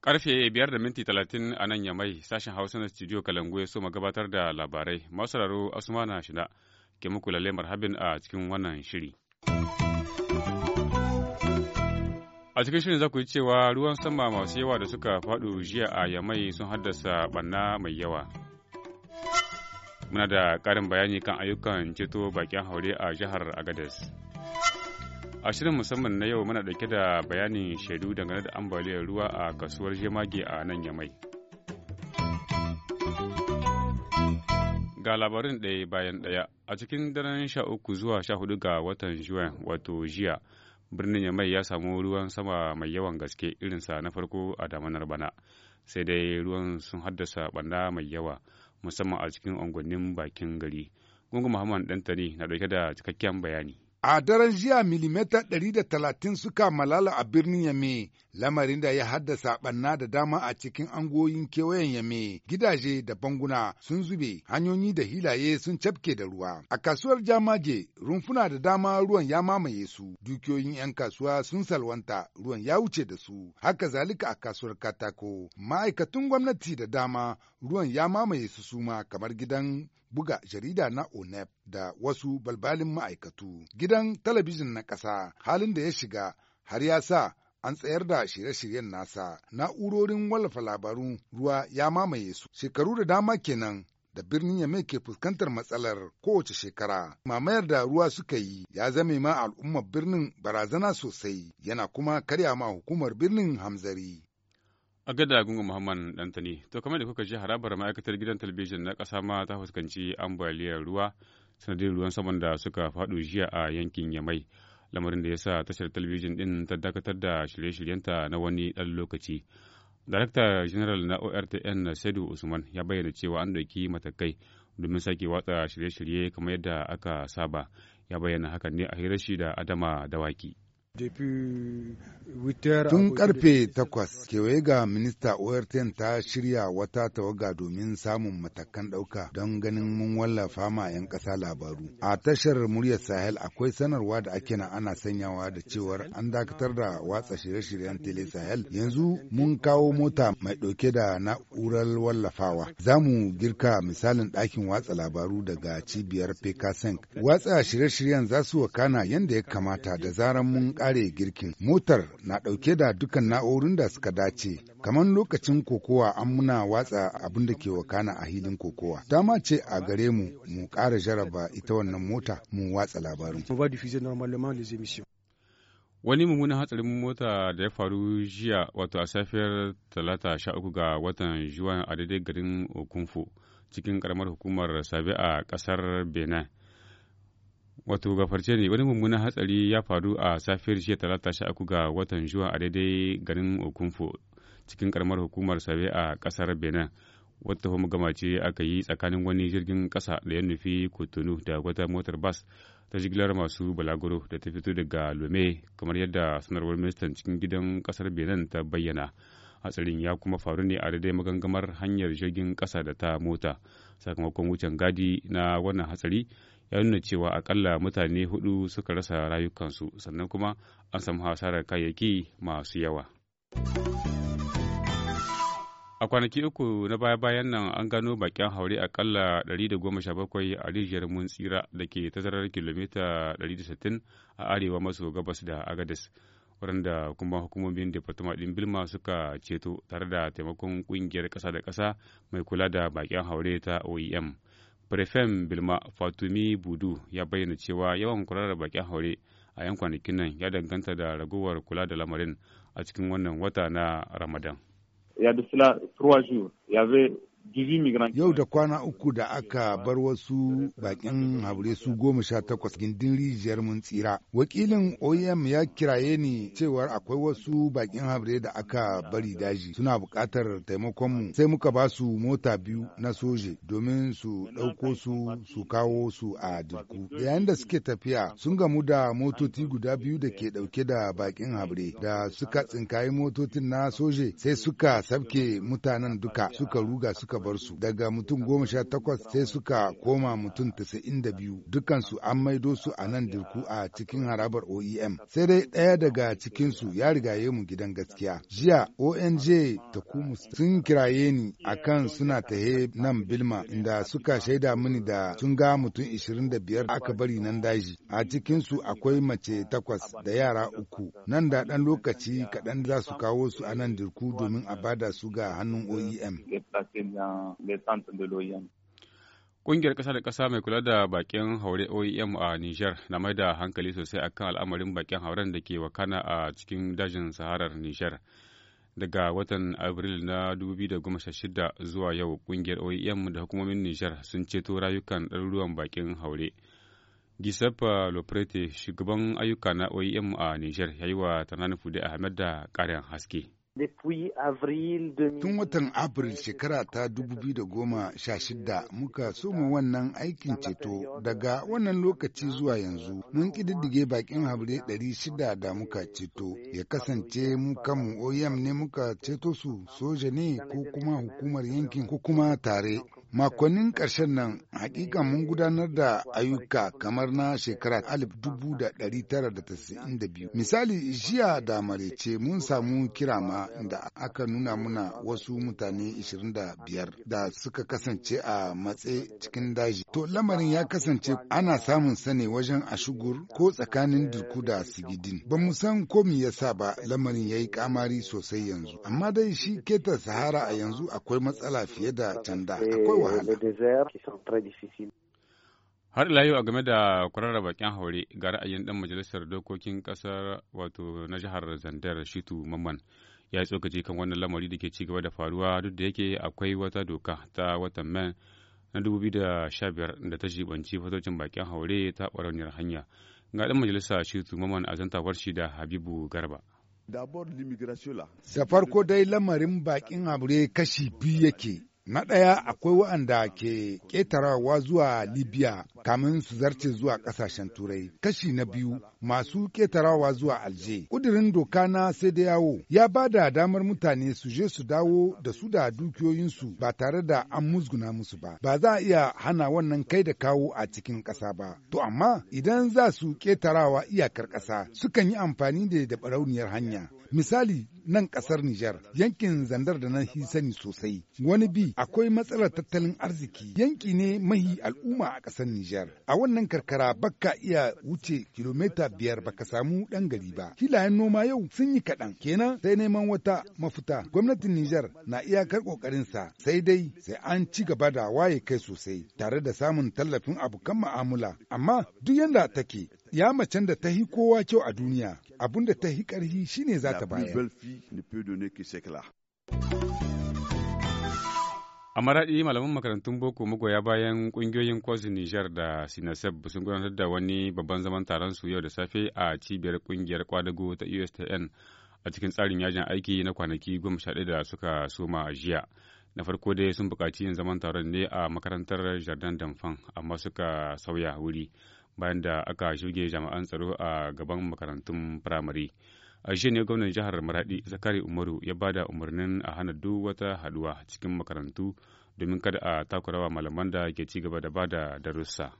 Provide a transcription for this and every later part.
Karfe biyar da minti talatin a nan Yamai, sashen Hausa na studio Kalangu ya so gabatar da labarai. Masu raro Asumana Shida ke muku lalle marhabin a cikin wannan shiri. a cikin shirin za ku yi cewa ruwan sama masu yawa da suka faɗo jiya a yamai sun haddasa ɓanna mai yawa muna da karin bayani kan ayyukan ceto bakin haure a jihar agadez a shirin musamman na yau muna dauke da bayanin shaidu dangane da ambaliyar ruwa a kasuwar jemage a nan yamai ga labarin ɗaya bayan ɗaya a cikin daren sha uku zuwa sha hudu ga watan juwan wato jiya birnin yamai ya samu ruwan sama mai yawan gaske irinsa na farko a damanar bana sai dai ruwan sun haddasa ɓanna mai yawa musamman a cikin unguwannin bakin gari. Gungun Muhammad Dantani na ɗauke da cikakken bayani. A daren jiya milimeta talatin suka malala a birnin Yame, lamarin da ya haddasa ɓanna da dama a cikin angoyin kewayen Yame, gidaje da banguna sun zube, hanyoyi da hilaye sun cafke da ruwa. A kasuwar Jamage, rumfuna da dama ruwan ya mamaye su, dukiyoyin 'yan kasuwa sun salwanta, ruwan ya wuce da su, haka zalika a kasuwar Katako. Ma'aikatun gwamnati da dama ruwan ya mamaye su suma kamar gidan buga jarida na onep da wasu balbalin ma'aikatu gidan talabijin na ƙasa halin da ya shiga har ya sa an tsayar da shirye-shiryen nasa na'urorin wallafa labarun ruwa ya mamaye su shekaru da dama kenan da birnin Yamai ke fuskantar matsalar kowace shekara. Mamayar da ruwa suka yi ya zame ma al'ummar birnin barazana sosai yana kuma karya ma hukumar birnin Hamzari. a gada gungun muhammad dantani to kamar da kuka ji harabar ma'aikatar gidan talabijin na ƙasa ma ta fuskanci ambaliyar ruwa sanadin ruwan saman da suka faɗo jiya a yankin yamai lamarin da ya sa tashar talabijin ɗin ta dakatar da shirye-shiryenta na wani ɗan lokaci darakta general na ortn saidu usman ya bayyana cewa an ɗauki matakai domin sake watsa shirye-shirye kamar yadda aka saba ya bayyana hakan ne a hirar shi da adama dawaki. Tun karfe takwas kewaye ga minista ORTN ta shirya wata tawaga domin samun matakan ɗauka don ganin mun wallafa ma 'yan ƙasa labaru. A tashar muryar Sahel akwai sanarwa da ake na ana sanyawa da cewar an dakatar da watsa shirye-shiryen Tele Sahel. Yanzu mun kawo mota mai ɗauke da na'urar wallafawa. Za mu girka misalin ɗakin watsa labaru daga cibiyar Pekasenk. Watsa shirye-shiryen za su wakana yadda ya kamata da zarar mun tsare girkin. Motar na ɗauke da dukan na'urorin da suka dace. Kamar lokacin kokowa an muna watsa abin da ke wakana a hilin kokowa. Dama ce a gare mu mu ƙara jaraba ita wannan mota mu watsa labarin. Wani mummunan hatsarin mota da ya faru jiya wato a safiyar talata sha uku ga watan juwan a daidai garin Okunfo cikin karamar hukumar Sabi a ƙasar Benin. wato gafarce ne wani mummunan hatsari ya faru a safiyar jiya talata sha uku ga watan juwa a daidai garin okunfo cikin karamar hukumar sabe a kasar benin wata gama ce aka yi tsakanin wani jirgin kasa da ya nufi kotonu da wata motar bas ta jigilar masu balaguro da ta fito daga lome kamar yadda sanarwar ministan cikin gidan kasar benin ta bayyana hatsarin ya kuma faru ne a daidai magangamar hanyar jirgin kasa da ta mota sakamakon wucin gadi na wannan hatsari ya nuna cewa akalla mutane hudu suka rasa rayukansu sannan kuma an samu hasarar kayayyaki masu yawa. A kwanaki uku na baya-bayan nan an gano bakin haure akalla 117 a rijiyar mun tsira da ke tazarar kilomita 160 a arewa maso gabas da Agadis. waɗanda kuma hukumomin Departement ɗin Bilma suka ceto tare da taimakon ƙungiyar ƙasa da ƙasa mai kula da bakin haure ta OEM. Prefen Bilma Fatumi Budu ya bayyana cewa yawan kula da bakin haure a yan kwanakin nan ya danganta da ragowar kula da lamarin a cikin wannan wata na Ramadan. Ya da Yau da kwana uku da aka bar wasu bakin haure su goma sha takwas gindin rijiyar mun tsira. Wakilin OEM ya kiraye ni cewar akwai wasu bakin habure da aka bari daji suna buƙatar mu. sai muka ba su mota biyu na soje domin su ɗauko su su kawo su a dirku. Yayin da suke tafiya sun gamu da motoci guda biyu da ke ɗauke da bakin haure da suka tsinkayi motocin na soje sai suka sabke mutanen duka suka ruga suka suka bar su daga mutum goma sha takwas sai suka koma mutum tasa'in da biyu dukansu an maido su a nan dirku a cikin harabar oem sai dai ɗaya daga cikinsu ya rigaye mu gidan gaskiya jiya ong takumus sun kiraye ni akan suna tahe nan bilma inda suka shaida mini da sun ga mutum ishirin da biyar aka bari nan daji a cikinsu akwai mace takwas da yara uku nan da ɗan lokaci kaɗan za su kawo su a nan dirku domin a bada su ga hannun oem na Lesantin Ƙungiyar ƙasa da ƙasa mai kula da bakin haure OEM a Nijar na mai da hankali sosai akan al'amarin bakin hauren da ke wakana a cikin dajin Saharar Nijar. Daga watan Abril na 2016 zuwa yau ƙungiyar OEM da hukumomin Nijar sun ceto rayukan ɗaruruwan bakin haure. Giuseppe Loprete, shugaban ayyuka na OEM a Nijar, ya yi wa Tanani Fude Ahmed da ƙarin haske. Tun watan Afril shekara ta 2016 muka soma wannan aikin ceto daga wannan lokaci zuwa yanzu mun ƙididdige bakin habre 600 da muka ceto ya kasance mu kanmu OEM ne muka ceto su soja ne ko kuma hukumar yankin ko kuma tare Makonnin ƙarshen nan hakika mun gudanar da ayyuka kamar na shekara 1992. Misali jiya da marece mun samu kira ma da aka nuna muna wasu mutane 25 da suka kasance a matse cikin daji. To lamarin ya kasance ana samun sani wajen ashugur ko tsakanin dirku da sigidin. Ba san ko ya yasa ba lamarin ya yi kamari sosai yanzu. Amma dai shi keta sahara a yanzu akwai matsala fiye da canda. Eh, Har ila yau a game da kwararra bakin haure ga ra'ayin dan majalisar dokokin kasar wato na jihar Zandar Shitu Mamman ya yi tsokaci kan wannan lamari da ke cigaba da faruwa duk da yake akwai wata doka ta watan man na 2015 da ta jibanci fasocin bakin haure ta ɓarauniyar hanya. Ga dan majalisar Shitu Mamman a zantawar shi da Habibu Garba. Da farko dai lamarin bakin haure kashi biyu yake Na ɗaya akwai waɗanda ke ƙetarawa zuwa Libya kamin su zarce zuwa ƙasashen Turai. Kashi na biyu masu ƙetarawa zuwa Alje. Ƙudurin doka na sai da yawo ya ba da damar mutane su je su dawo da su da dukiyoyinsu ba tare da an musguna musu ba. Ba za a iya hana wannan kai da kawo a cikin ƙasa ba. To amma idan za su ƙetarawa iyakar ƙasa sukan yi amfani da da barauniyar hanya. Misali nan ƙasar Nijar, yankin zandar da na sani sosai. Wani bi akwai matsalar tattalin arziki, yanki ne mahi al'umma a ƙasar Nijar. A wannan karkara bakka iya wuce kilomita biyar baka samu ɗan gari ba. filayen noma yau sun yi kaɗan, kenan sai neman wata mafita. Gwamnatin Nijar na iyakar sa sai dai sai an ci gaba da waye kai sosai, tare da samun tallafin abokan ma'amula. Amma duk yanda take, ya macen da ta hi kowa kyau a duniya abun da ta hi ƙarfi shine za ta bayar. A maraɗi malaman makarantun boko magoya bayan ƙungiyoyin kwazi Nijar da Sinaseb sun gudanar da wani babban zaman taron su yau da safe a cibiyar ƙungiyar kwadago ta USTN a cikin tsarin yajin aiki na kwanaki goma sha da suka soma a jiya. Na farko dai sun buƙaci yin zaman taron ne a makarantar Jardin Damfan amma suka sauya wuri. bayan da aka shuge jami'an tsaro a gaban makarantun firamare. a shi ne gwamnan jihar maradi zakari umaru ya ba da umarnin a hana duk wata haduwa cikin makarantu domin kada a takurawa malaman da ke ci gaba da ba da darussa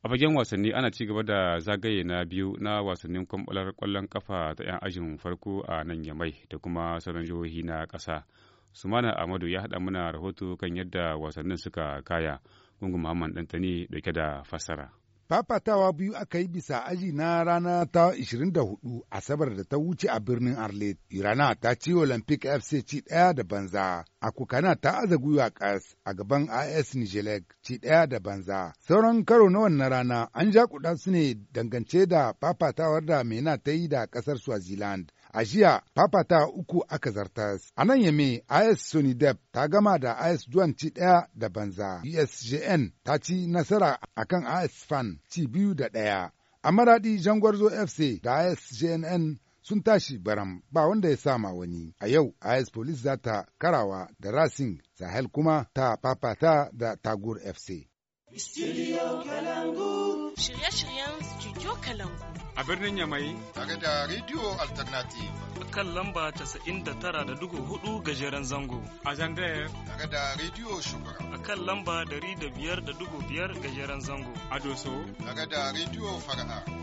a fagen wasanni ana ci gaba da zagaye na biyu na wasannin kwamfular kwallon kafa ta 'yan ajin farko a nan yamai da kuma sauran jihohi na ƙasa sumana amadu ya haɗa mana rahoto kan yadda wasannin suka kaya gungun muhammad ɗantani dauke da fassara Fafatawa biyu aka yi bisa aji na rana ta 24 Asabar da ta wuce a birnin Arlet. Irana ta ci Olympic FC ci ɗaya da banza. a Kukana ta aza gwiwa ƙas a gaban is Nijelek ci ɗaya da banza. Sauran karo na wannan rana an ja kuɗa su ne dangance da fafatawar da Mena ta yi da ƙasar Swaziland. A jiya fafata uku aka zartas. A nan yame IS Sonidep ta gama da IS Juan ci ɗaya da banza. USJN ta ci nasara a kan IS Fan ci biyu da ɗaya. A maraɗi Jangwarzo FC da IS JNN sun tashi baram ba wanda ya sama wani. A yau IS Police za ta karawa da Racing Sahel kuma ta fafata da Tagur FC. Shirye-shiryen Studio Kalangu. a birnin Yamai. Tare da Radio Alternative. A kan lamba casa'in da da hudu gajeren zango. A Zandaya. Tare da Radio Shugura. A kan lamba dari da da biyar gajeren zango. A Doso. Tare da Radio Fara'a.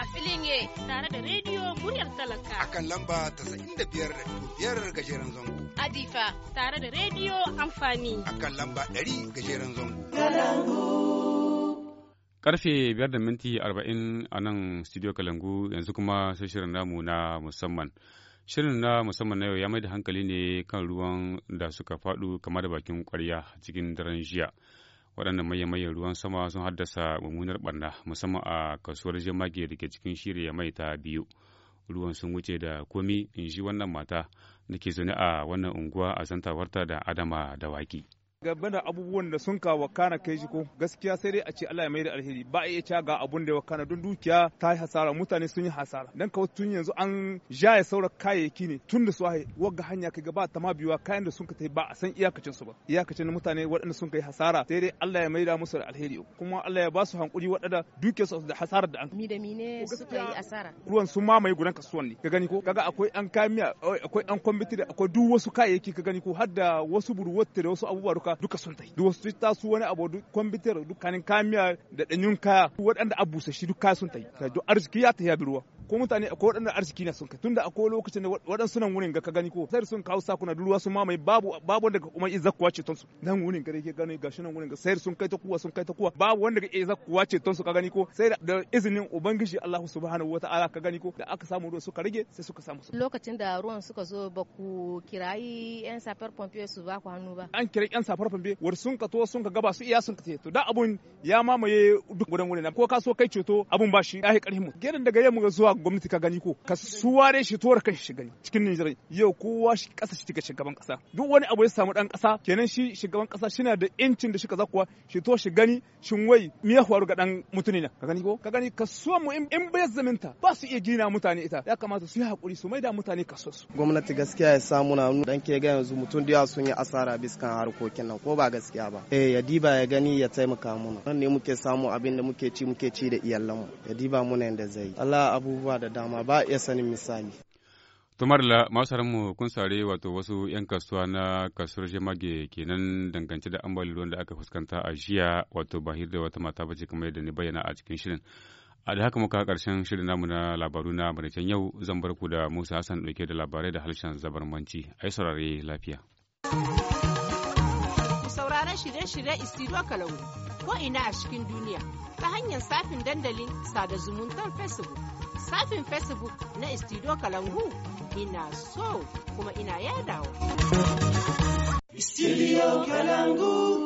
a filin ye tare da rediyo muryar talaka. A kan lamba tasa'in da biyar da biyar gajeren zango. Adifa tare da rediyo amfani. A kan lamba ɗari gajeren zango. Karfe biyar da minti arba'in a nan studio Kalangu yanzu kuma sai shirin namu na musamman. Shirin na musamman na yau ya mai da hankali ne kan ruwan da suka faɗo kamar da bakin kwarya cikin daren jiya. waɗannan maye-mayen ruwan sama sun haddasa mummunar ɓarna musamman a kasuwar jemage da ke cikin shirya mai ta biyu ruwan sun wuce da komi in ji wannan mata da ke zaune a wannan unguwa a zantawarta da adama da waki game da abubuwan da sun kawo kana kai shi ko gaskiya sai dai a ce Allah ya mai da alheri ba a iya cewa ga abun da ya wakana don dukiya ta yi hasara mutane sun yi hasara dan kawai tun yanzu an ya saura kayayyaki ne tun da su haye wagga hanya kai ba ta ma biyuwa kayan da sun ka ba a san iyakacin su ba iyakacin mutane waɗanda sun kai hasara sai dai Allah ya mai da musu da alheri kuma Allah ya ba su hankuri waɗanda su da hasarar da an mi da mi ne suka yi asara ruwan sun mamaye gudan kasuwan ne ka gani ko kaga akwai an kamiya akwai an kwamiti da akwai duk wasu kayayyaki ka gani ko har da wasu burwatta da wasu abubuwa duka duka sun tai duk ta tasu wani abu duk kwamfutar dukkanin kamiya da danyun kaya waɗanda abusashi duk kaya sun tai duk arziki ya ta ya biruwa ruwa ko mutane ko waɗanda arziki na sun kai tunda akwai lokacin da waɗansu nan wurin ga ka gani ko sai sun kawo sakuna duruwa ma mamaye babu babu wanda kuma izak kuwa ce tonsu nan wurin ga yake gani gashi nan wurin ga sai sun kai ta kuwa sun kai ta kuwa babu wanda ga izak kuwa ce tonsu ka gani ko sai da izinin ubangiji Allah subhanahu wataala ka gani ko da aka samu ruwa suka rage sai suka samu lokacin da ruwan suka zo ba ku kirayi yan safar pompe su ba ku hannu ba an kira yan safar pompe war sun ka to sun ka gaba su iya sun ka to da abun ya mamaye duk gudan wurin ko ka so kai ceto abun ba shi ya karhin karhimu gidan daga yamma zuwa gwamnati ka gani ko ka suware shi tuwar kan shi gani cikin Nijar yau kowa shi kasa shi shugaban kasa duk wani abu ya samu dan kasa kenan shi shugaban kasa shi na da incin da shi ka zakuwa shi to shi gani shin wai me ya faru ga dan mutune ne ka gani ko ka gani kasuwar mu in bai zaminta ba su iya gina mutane ita ya kamata su yi hakuri su maida mutane kaso su gwamnati gaskiya ya samu na dan ke ga yanzu mutun da sun yi asara biskan harkokin nan ko ba gaskiya ba eh ya diba ya gani ya taimaka mu nan ne muke samu abin da muke ci muke ci da iyalan mu ya diba yanda zai Allah abubuwa abubuwa da dama ba iya sanin misali. tumar la masu mu kun sare wato wasu 'yan kasuwa na kasuwar jemage kenan dangance da ambali ruwan da aka fuskanta a jiya wato bahir da wata mata bace kamar yadda ni bayyana a cikin shirin a da haka muka karshen shirin namu na labaru na maraicen yau zan bar ku da musa hassan dauke da labarai da harshen zabarmanci ai saurare lafiya sauraron shirye-shirye istiro kalau ko ina a cikin duniya ta hanyar safin dandalin sada zumuntar facebook safin facebook na istido kalangu ina so kuma ina yadawa. Studio Kalangu.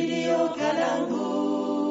Kilio Kalangu.